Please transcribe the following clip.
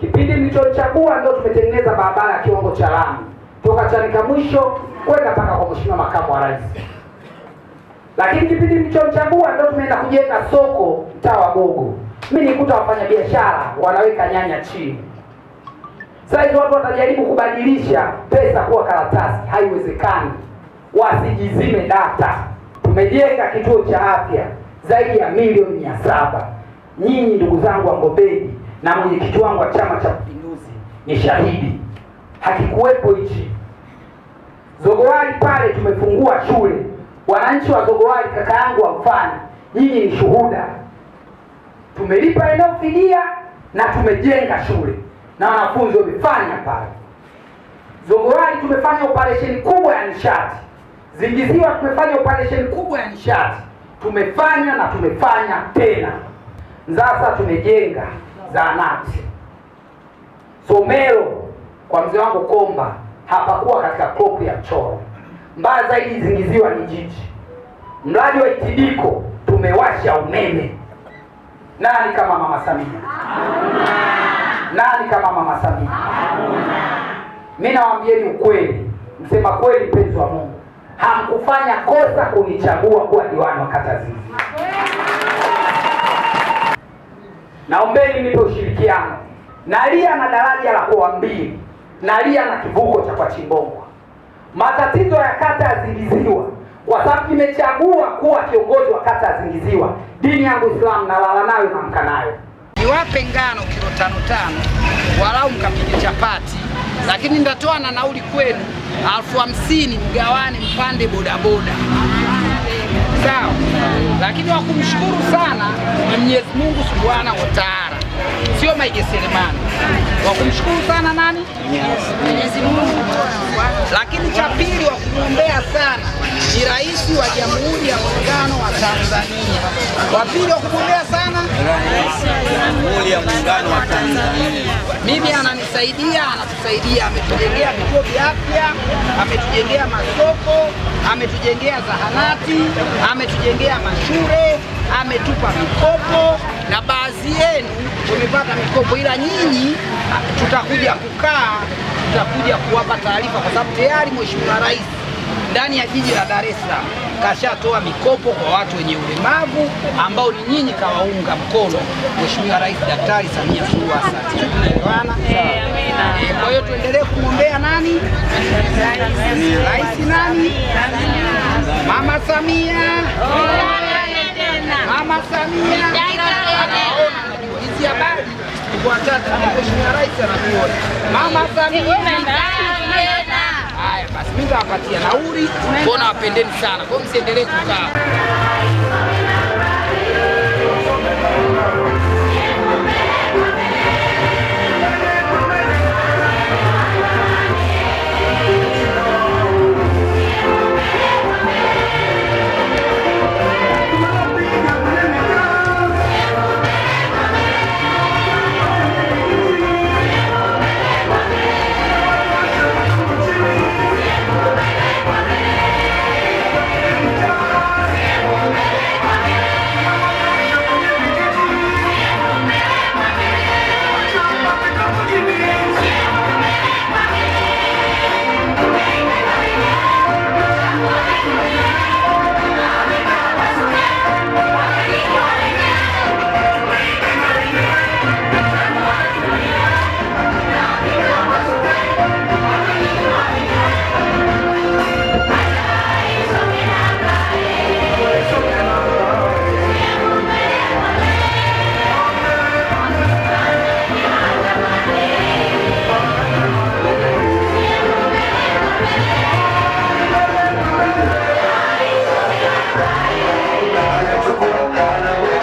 Kipindi nilichochagua ndio tumetengeneza barabara ya kiwango cha lami toka Chanika mwisho kwenda mpaka kwa mheshimiwa makamu wa rais. Lakini kipindi nilichochagua ndio tumeenda kujenga soko mtaa wa Gogo. Mimi nikuta wafanyabiashara wanaweka nyanya chini. Sasa hizo watu watajaribu kubadilisha pesa kuwa karatasi, haiwezekani. Wasijizime data. Tumejenga kituo cha afya zaidi ya milioni mia saba. Nyinyi ndugu zangu ngobeni na mwenyekiti wangu wa Chama cha Mapinduzi ni shahidi, hakikuwepo hichi Zogowali. Pale tumefungua shule, wananchi wa Zogowali, kaka yangu wa mfano, nyinyi ni shuhuda. Tumelipa eneo fidia na tumejenga shule na wanafunzi wamefanya pale Zogowali. Tumefanya operesheni kubwa ya nishati Zingiziwa, tumefanya operesheni kubwa ya nishati, tumefanya na tumefanya tena. Nzasa tumejenga zahanati. Somero kwa mzee wangu Komba hapakuwa katika klopu ya choro. Mbaya zaidi Zingiziwa ni jiji. Mradi wa Itidiko tumewasha umeme. Nani kama mama Samia? Nani kama mama Samia? Mi nawaambieni ukweli, msema kweli, mpenzi wa Mungu, hamkufanya kosa kunichagua kuwa diwani wa kata Zingiziwa. naombeni nipe ushirikiano. Nalia na daraja la Kowambili, nalia na kivuko cha kwa Chimbongwa. Matatizo ya kata ya Zingiziwa, kwa sababu kimechagua kuwa kiongozi wa kata ya Zingiziwa, dini yangu islamu nalala nayo naamka nayo. Niwape ngano kilo tano tano, walau mkapige chapati, lakini ndatoa na nauli kwenu elfu hamsini mgawane, mpande bodaboda, sawa? Lakini wakumshukuru sana Mwenyezi Mungu Subhanahu wa Ta'ala, sio maigeselemani wa kumshukuru sana nani? Mwenyezi Mungu. Lakini cha pili wa kumwombea sana ni Rais wa Jamhuri ya Muungano wa Tanzania. Wa pili wa kumwombea sana Rais wa Jamhuri ya Muungano wa Tanzania. Mimi ananisaidia, anatusaidia, ametujengea vituo vya afya, ametujengea masoko, ametujengea zahanati, ametujengea mashule ametupa mikopo na baadhi yenu wamepata mikopo, ila nyinyi tutakuja kukaa, tutakuja kuwapa taarifa, kwa sababu tayari Mheshimiwa Rais ndani ya jiji la Dar es Salaam kashatoa mikopo kwa watu wenye ulemavu ambao ni nyinyi kawaunga mkono Mheshimiwa Rais Daktari Samia Suluhu Hassan. Tunaelewana? Eh, eh, kwa hiyo tuendelee kumwombea nani? Rais nani? Mama Samia. Oh. Mama Samia, haya basi, mimi nawapatia nauli, mbona wapendeni sana, kwa msiendelee kukaa